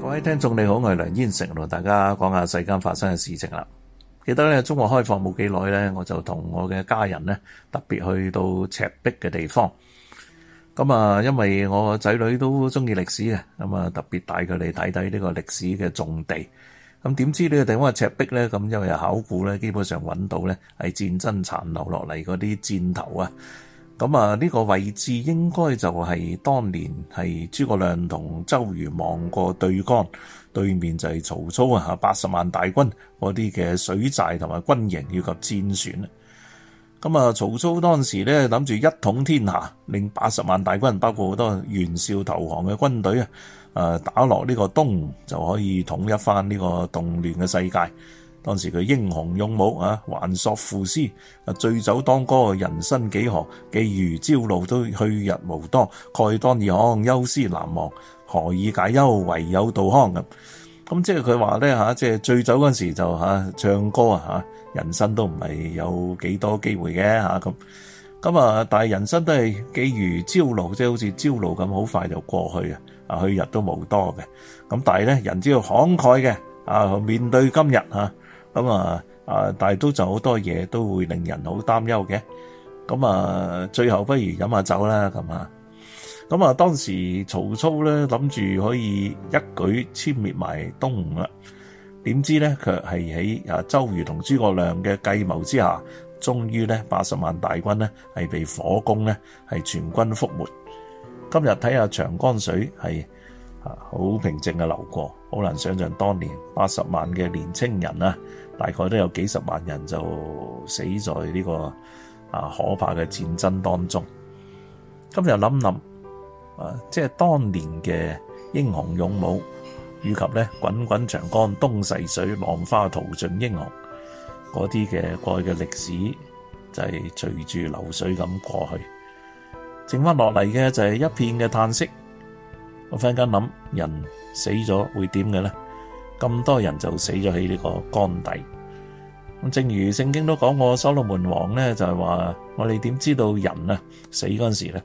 各位聽眾你好，我係梁燕城，同大家講下世間發生嘅事情啦。記得咧，中國開放冇幾耐咧，我就同我嘅家人咧特別去到赤壁嘅地方。咁啊，因為我仔女都中意歷史啊，咁啊特別帶佢哋睇睇呢個歷史嘅重地。咁點知呢個地方係赤壁咧？咁因為考古咧，基本上揾到咧係戰爭殘留落嚟嗰啲箭頭啊。咁啊，呢個位置應該就係當年係諸葛亮同周瑜望過對江，對面就係曹操啊，八十萬大軍嗰啲嘅水寨同埋軍營以及戰船啊。咁啊，曹操當時呢，諗住一統天下，令八十萬大軍包括好多袁紹投降嘅軍隊啊，誒打落呢個東就可以統一翻呢個動亂嘅世界。當時佢英雄勇武啊，還索賦詩啊，醉酒當歌，人生幾何？既如朝露，都去日無多。慨當以慷，憂思難忘。何以解憂？唯有杜康。咁咁即係佢話咧，即係醉酒嗰陣時就、啊、唱歌啊，人生都唔係有幾多機會嘅嚇咁咁啊！但係人生都係既如朝露，即、就、係、是、好似朝露咁，好快就過去啊！啊，去日都無多嘅。咁、啊、但係咧，人只要慷慨嘅啊，面對今日嚇。啊咁啊，啊，但係都就好多嘢，都會令人好擔憂嘅。咁啊，最後不如飲下酒啦，咁啊。咁啊，當時曹操咧諗住可以一舉殲滅埋東吳啦，點知咧卻係喺啊周瑜同諸葛亮嘅計謀之下，終於咧八十萬大軍咧係被火攻咧係全軍覆沒。今日睇下長江水係。啊！好平靜嘅流過，好難想象當年八十萬嘅年青人啊，大概都有幾十萬人就死在呢個啊可怕嘅戰爭當中。今日諗諗啊，即係當年嘅英雄勇武，以及咧滾滾長江東逝水，浪花淘盡英雄嗰啲嘅過去嘅歷史，就係隨住流水咁過去，剩翻落嚟嘅就係一片嘅嘆息。我忽然間諗，人死咗會點嘅咧？咁多人就死咗喺呢個江底。咁正如聖經都講過，所羅門王咧就係話，我哋點知道人啊死嗰陣時咧，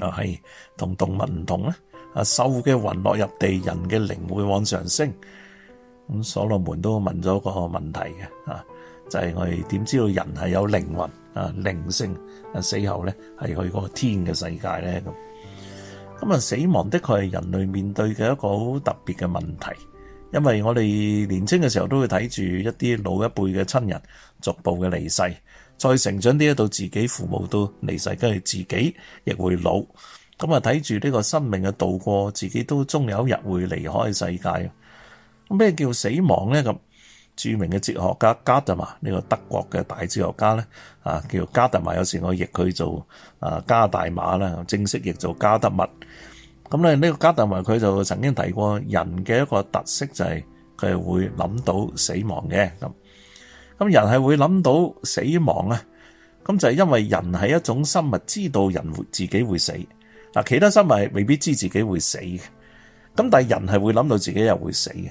啊係同動物唔同咧？啊，獸嘅魂落入地，人嘅靈會往上升。咁所羅門都問咗個問題嘅，啊，就係我哋點知道人係有靈魂啊靈性啊死後咧係去嗰個天嘅世界咧咁。咁啊，死亡的確係人類面對嘅一個好特別嘅問題，因為我哋年青嘅時候都會睇住一啲老一輩嘅親人逐步嘅離世，再成長啲一到自己父母都離世，跟住自己亦會老，咁啊睇住呢個生命嘅度過，自己都終有一日會離開的世界。咩叫死亡呢？咁，著名嘅哲學家加特馬，呢個德國嘅大哲學家咧，啊叫加特馬，有時我譯佢做啊加大馬啦，正式譯做加德馬。咁咧呢個加特馬佢就曾經提過，人嘅一個特色就係佢會諗到死亡嘅。咁咁人係會諗到死亡啊？咁就係因為人係一種生物，知道人會自己會死。嗱，其他生物未必知自己會死嘅。咁但係人係會諗到自己又會死嘅。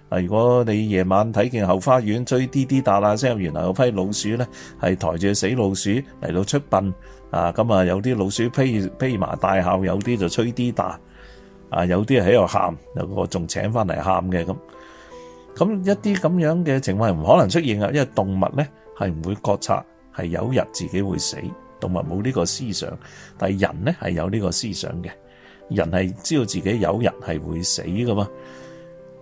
啊！如果你夜晚睇見後花園吹啲啲打啊聲，原來有批老鼠咧，係抬住死老鼠嚟到出殯啊！咁啊，有啲老鼠披披麻戴孝，有啲就吹啲打啊，有啲喺度喊，有個仲請翻嚟喊嘅咁。咁一啲咁樣嘅情況係唔可能出現啊，因為動物咧係唔會覺察係有日自己會死，動物冇呢個思想，但係人咧係有呢個思想嘅，人係知道自己有日係會死噶嘛。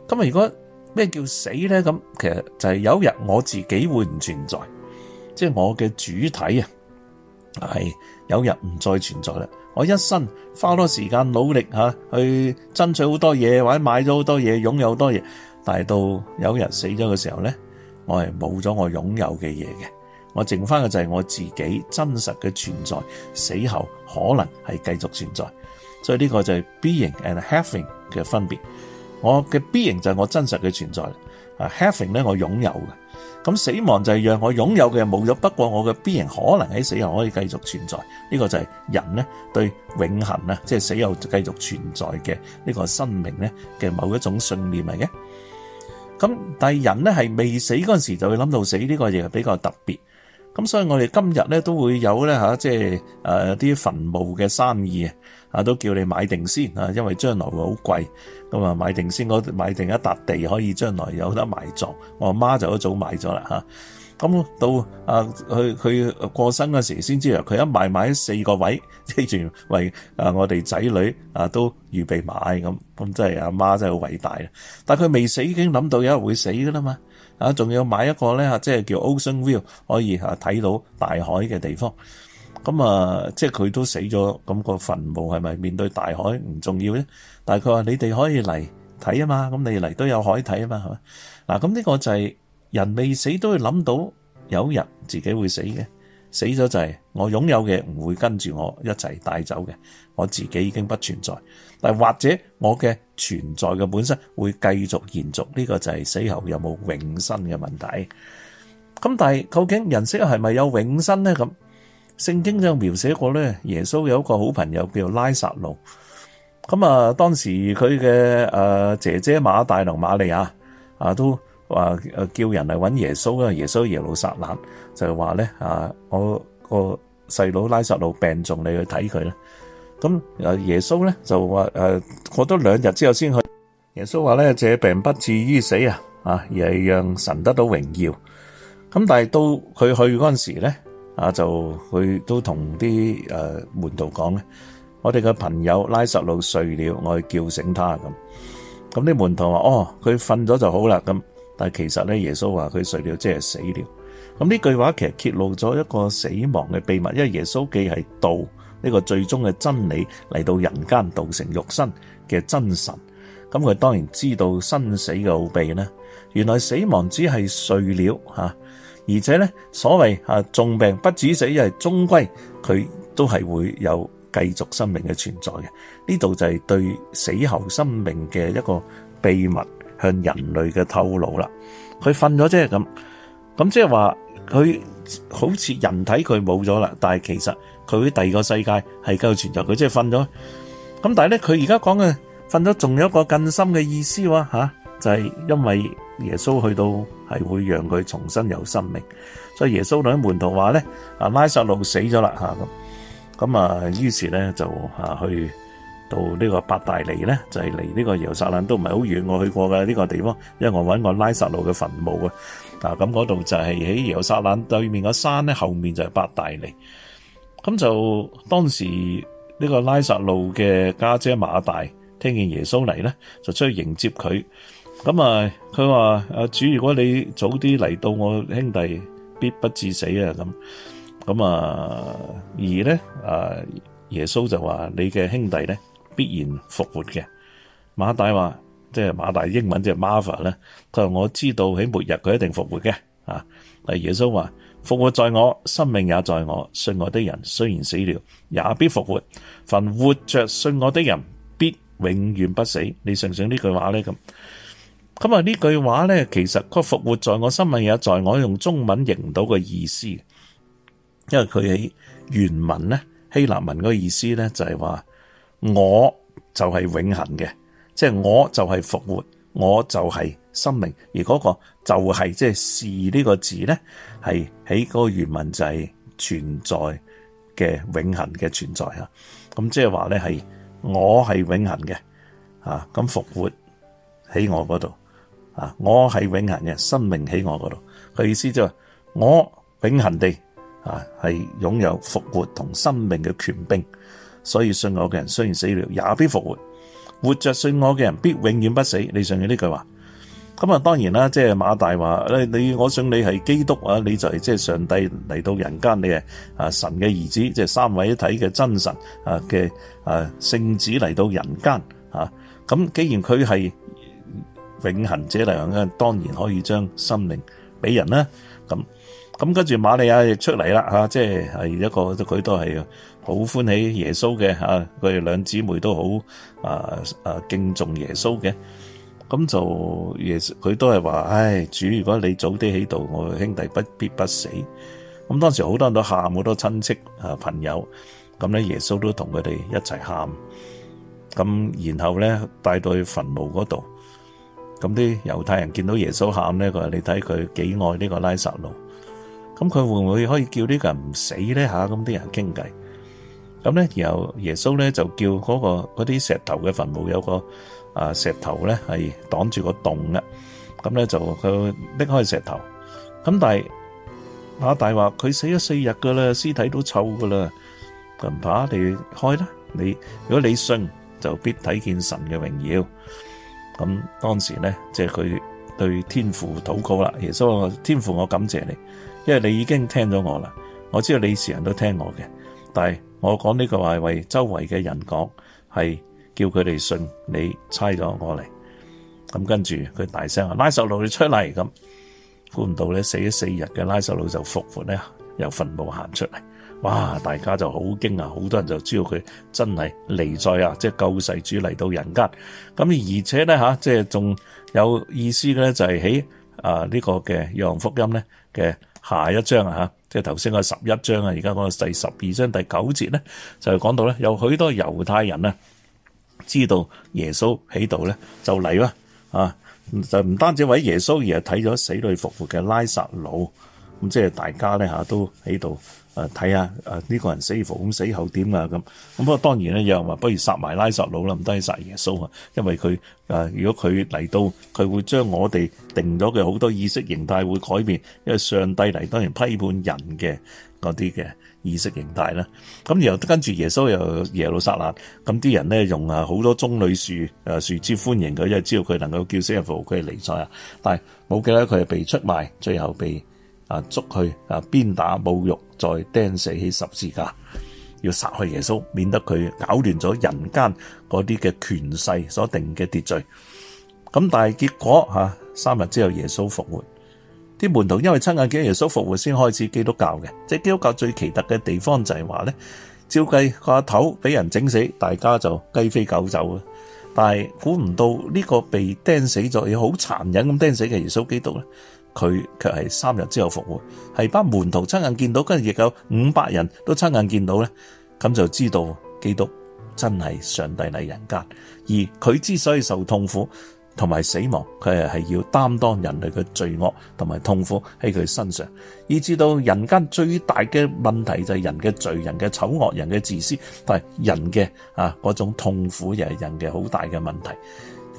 咁啊，如果咩叫死咧？咁其實就係有日我自己會唔存在，即係我嘅主體啊係有日唔再存在啦。我一生花多時間努力吓，去爭取好多嘢，或者買咗好多嘢，擁有好多嘢，但係到有日死咗嘅時候咧，我係冇咗我擁有嘅嘢嘅，我剩翻嘅就係我自己真實嘅存在，死後可能係繼續存在。所以呢個就係 being and having 嘅分別。我嘅 being 就係我真實嘅存在，啊，having 咧，我擁有嘅，咁死亡就係讓我擁有嘅冇咗，不過我嘅 being 可能喺死後可以繼續存在，呢個就係人咧對永恆啊，即係死後繼續存在嘅呢個生命咧嘅某一種信念嚟嘅。咁但係人咧係未死嗰陣時就會諗到死，呢個嘢係比較特別。咁所以，我哋今日咧都會有咧、啊、即係啲墳墓嘅生意啊，都叫你買定先啊，因為將來會好貴。咁啊，買定先，買買定一笪地，可以將來有得埋葬。我阿媽就一早就買咗啦嚇。咁到啊，佢佢、啊、過生嗰時先知啊，佢一買買四個位，即係為為啊我哋仔女啊都預備買咁。咁、即係、真係阿媽真係好偉大啊！但佢未死已經諗到有人會死噶啦嘛～啊，仲要買一個咧嚇，即係叫 Ocean View，可以吓睇到大海嘅地方。咁啊，即係佢都死咗，咁個墳墓係咪面對大海唔重要咧？但係佢話你哋可以嚟睇啊嘛，咁你嚟都有海睇啊嘛，係咪？嗱，咁呢個就係人未死都會諗到有一日自己會死嘅，死咗就係我擁有嘅唔會跟住我一齊帶走嘅，我自己已經不存在，但係或者我嘅，存在嘅本身會繼續延續，呢、這個就係死後有冇永生嘅問題。咁但係究竟人死係咪有永生咧？咁聖經就描寫過咧，耶穌有一個好朋友叫拉撒路。咁啊，當時佢嘅誒姐姐馬大同馬利亞啊，都話誒叫人嚟揾耶穌啊，耶穌耶路撒冷就話咧啊，我個細佬拉撒路病重，你去睇佢啦。咁啊，耶穌咧就話誒，過多兩日之後先去。耶穌話咧，這病不至於死啊，啊，而係讓神得到榮耀。咁但係到佢去嗰陣時咧，啊，就佢都同啲誒門徒講咧，我哋嘅朋友拉撒路睡了，我去叫醒他咁。咁啲門徒話：哦，佢瞓咗就好啦。咁但係其實咧，耶穌話佢睡了即係死了。咁呢句話其實揭露咗一個死亡嘅秘密，因為耶穌既係道。呢個最終嘅真理嚟到人間，道成肉身嘅真神。咁佢當然知道生死嘅奧秘呢，原來死亡只係睡了，而且咧，所謂重病不止死，因為終歸佢都係會有繼續生命嘅存在嘅。呢度就係對死後生命嘅一個秘密向人類嘅透露啦。佢瞓咗啫，咁咁即係話佢。好似人體佢冇咗啦，但係其實佢喺第二個世界係繼續存在，佢即係瞓咗。咁但係咧，佢而家講嘅瞓咗，仲有一個更深嘅意思喎，吓、啊、就係、是、因為耶穌去到係會讓佢重新有生命。所以耶穌同啲門徒話咧，拉撒路死咗啦，吓咁咁啊，於是咧就去到呢個伯大尼咧，就係離呢個耶路撒冷都唔係好遠，我去過嘅呢、這個地方，因為我搵過拉撒路嘅墳墓啊。嗱，咁嗰度就係喺耶路撒冷對面個山咧，後面就係伯大尼。咁就當時呢個拉撒路嘅家姐馬大，聽見耶穌嚟咧，就出去迎接佢。咁啊，佢話：啊主，如果你早啲嚟到，我兄弟必不致死啊！咁咁啊，而咧啊，耶穌就話：你嘅兄弟咧，必然復活嘅。馬大話。即係馬大英文即係 Martha 咧，佢話，我知道喺末日佢一定復活嘅啊。耶穌話，復活在我，生命也在我，信我的人雖然死了，也必復活。凡活着信我的人，必永遠不死。你信唔信呢句話咧咁咁啊？呢句話咧其實佢復活在我，生命也在我，用中文認唔到個意思，因為佢喺原文咧希臘文個意思咧就係話我就係永恆嘅。即係我就係復活，我就係生命，而嗰個就係、是、即係是呢個字咧，係喺嗰個原文就係存在嘅永恆嘅存在啊！咁即係話咧係我係永恆嘅啊！咁復活喺我嗰度啊！我係永恆嘅生命喺我嗰度，佢意思就係、我永恆地啊係擁有復活同生命嘅權柄，所以信我嘅人雖然死了，也必復活。活着信我嘅人必永遠不死。你信唔信呢句話，咁啊，當然啦，即係馬大話。你你，我信你係基督啊，你就係即係上帝嚟到人間你係啊神嘅兒子，即係三位一體嘅真神啊嘅啊聖子嚟到人間。咁既然佢係永恒者嚟講，當然可以將心靈俾人啦。咁咁跟住瑪利亞亦出嚟啦吓，即係係一個佢都係。好歡喜耶穌嘅吓，佢哋兩姊妹都好啊啊敬重耶穌嘅。咁就耶穌佢都係話，唉，主，如果你早啲喺度，我兄弟不必不死。咁當時好多人都喊，好多親戚啊朋友，咁咧耶穌都同佢哋一齊喊。咁然後咧帶到去墳墓嗰度，咁啲猶太人見到耶穌喊咧，佢話你睇佢幾愛呢個拉撒路。咁佢會唔會可以叫呢個人唔死咧？吓，咁啲人傾偈。咁咧、那個，然後耶穌咧就叫嗰個嗰啲石頭嘅墳墓，有個啊石頭咧係擋住個洞啦，咁咧就佢拎開石頭。咁但係馬大話佢死咗四日噶啦，屍體都臭噶啦，唔怕你，你開啦。你如果你信就必睇見神嘅榮耀。咁當時咧即係佢對天父禱告啦。耶穌話：天父，我感謝你，因為你已經聽咗我啦。我知道你成日都聽我嘅，但我講呢句話係為周圍嘅人講，係叫佢哋信你猜咗我嚟。咁跟住佢大聲話，拉撒路你出嚟咁，估唔到咧死咗四日嘅拉撒路就復活咧，由墳墓行出嚟，哇！大家就好驚啊，好多人就知道佢真係離在啊，即係救世主嚟到人間。咁而且咧嚇，即係仲有意思嘅咧，就係喺啊呢、這個嘅羊福音咧嘅。下一章啊吓，即係頭先個十一章啊，而家講個第十二章第九節咧，就講到咧，有許多猶太人啊知道耶穌喺度咧，就嚟啦啊！就唔單止為耶穌而係睇咗死裏復活嘅拉撒路。咁即係大家咧吓都喺度誒睇啊！呢、呃呃呢個人死佛咁死後點啊？咁咁不過當然咧，有人話不如殺埋拉撒路啦，唔得殺耶穌啊，因為佢誒、呃、如果佢嚟到，佢會將我哋定咗嘅好多意識形態會改變，因為上帝嚟當然批判人嘅嗰啲嘅意識形態啦。咁然後跟住耶穌又耶路撒冷，咁啲人咧用啊好多棕櫚樹誒樹枝歡迎佢，因為知道佢能夠叫死佛，佢嚟咗啊。但係冇記得佢係被出賣，最後被。啊！捉佢啊！鞭打侮辱，再釘死起十字架，要殺去耶穌，免得佢搞亂咗人間嗰啲嘅權勢所定嘅秩序。咁但係結果吓，三日之後耶穌復活，啲門徒因為親眼見耶穌復活，先開始基督教嘅。即係基督教最奇特嘅地方就係話咧，照計個阿頭俾人整死，大家就雞飛狗走啊。但係估唔到呢個被釘死咗，要好殘忍咁釘死嘅耶穌基督咧。佢卻係三日之後復活，係班門徒親眼見到，跟住亦有五百人都親眼見到咧，咁就知道基督真係上帝嚟人間。而佢之所以受痛苦同埋死亡，佢係係要擔當人類嘅罪惡同埋痛苦喺佢身上，以至到人間最大嘅問題就係人嘅罪、人嘅醜惡、人嘅自私，但係人嘅啊嗰種痛苦又係人嘅好大嘅問題。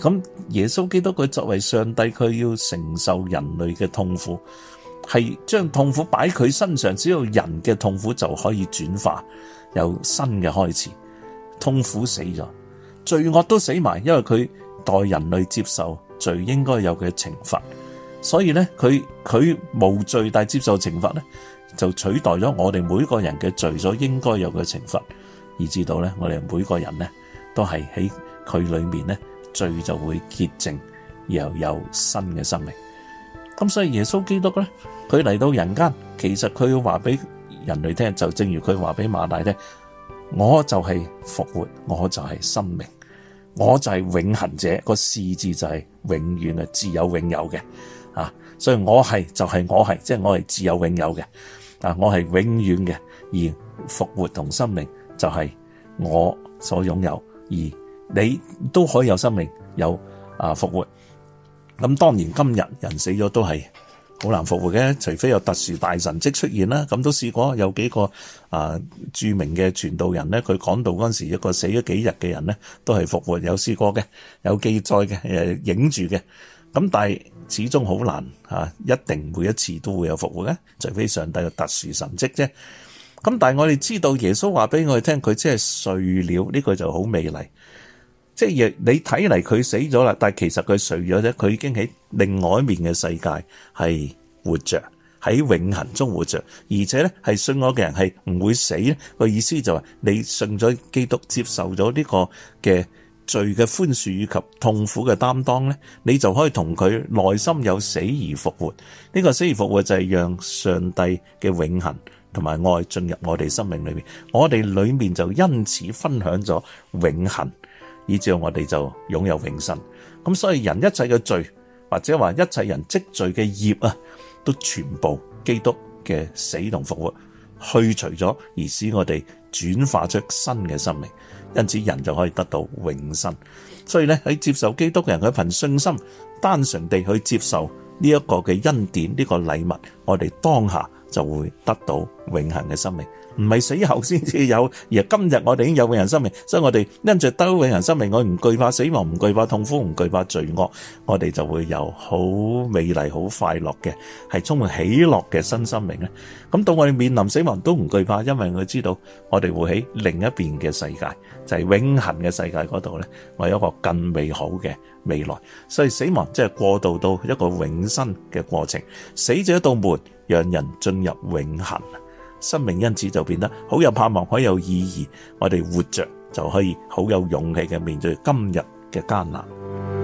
咁耶穌基督佢作為上帝，佢要承受人類嘅痛苦，係將痛苦擺佢身上，只要人嘅痛苦就可以轉化，有新嘅開始。痛苦死咗，罪惡都死埋，因為佢代人類接受罪應該有嘅懲罰。所以咧，佢佢無罪，但接受懲罰咧，就取代咗我哋每個人嘅罪所應該有嘅懲罰，以至到咧，我哋每個人咧都係喺佢裏面咧。罪就會潔淨，又有新嘅生命。咁所以耶穌基督咧，佢嚟到人間，其實佢要話俾人類聽，就正如佢話俾馬大聽，我就係復活，我就係生命，我就係永恆者。個“是”字就係永遠嘅，自有永有嘅。啊，所以我係就係、係、我係、就係，即係我係自有永有嘅。啊，我係永遠嘅，而復活同生命就係我所擁有，而。你都可以有生命，有啊復活。咁當然今日人死咗都係好難復活嘅，除非有特殊大神蹟出現啦。咁都試過有幾個啊著名嘅傳道人咧，佢講道嗰陣時，一個死咗幾日嘅人咧，都係復活，有試過嘅，有記載嘅，誒影住嘅。咁但係始終好難啊，一定每一次都會有復活嘅，除非上帝有特殊神蹟啫。咁但係我哋知道耶穌話俾我哋聽，佢真係睡了，呢個就好美麗。即係你睇嚟，佢死咗啦，但係其實佢睡咗啫。佢已經喺另外一面嘅世界係活着，喺永恒中活着。而且咧，係信我嘅人係唔會死咧。個意思就係你信咗基督，接受咗呢個嘅罪嘅寬恕以及痛苦嘅擔當咧，你就可以同佢內心有死而復活。呢個死而復活就係讓上帝嘅永恒同埋愛進入我哋生命裏面，我哋裏面就因此分享咗永恒。以至我哋就擁有永生，咁所以人一切嘅罪，或者話一切人積聚嘅業啊，都全部基督嘅死同復活去除咗，而使我哋轉化出新嘅生命，因此人就可以得到永生。所以咧喺接受基督嘅人嗰份信心，單純地去接受呢一個嘅恩典，呢個禮物，我哋當下就會得到永恆嘅生命。唔係死後先至有，而今日我哋已經有永生生命，所以我哋因著得永生生命，我唔懼怕死亡，唔懼怕痛苦，唔懼怕罪惡，我哋就會有好美麗、好快樂嘅，係充滿喜樂嘅新生命咧。咁到我哋面臨死亡都唔懼怕，因為我知道我哋會喺另一邊嘅世界，就係永恆嘅世界嗰度咧，我有一個更美好嘅未來。所以死亡即係過渡到一個永生嘅過程，死者一道門，讓人進入永恆。生命因此就變得好有盼望，好有意義。我哋活着就可以好有勇氣嘅面對今日嘅艱難。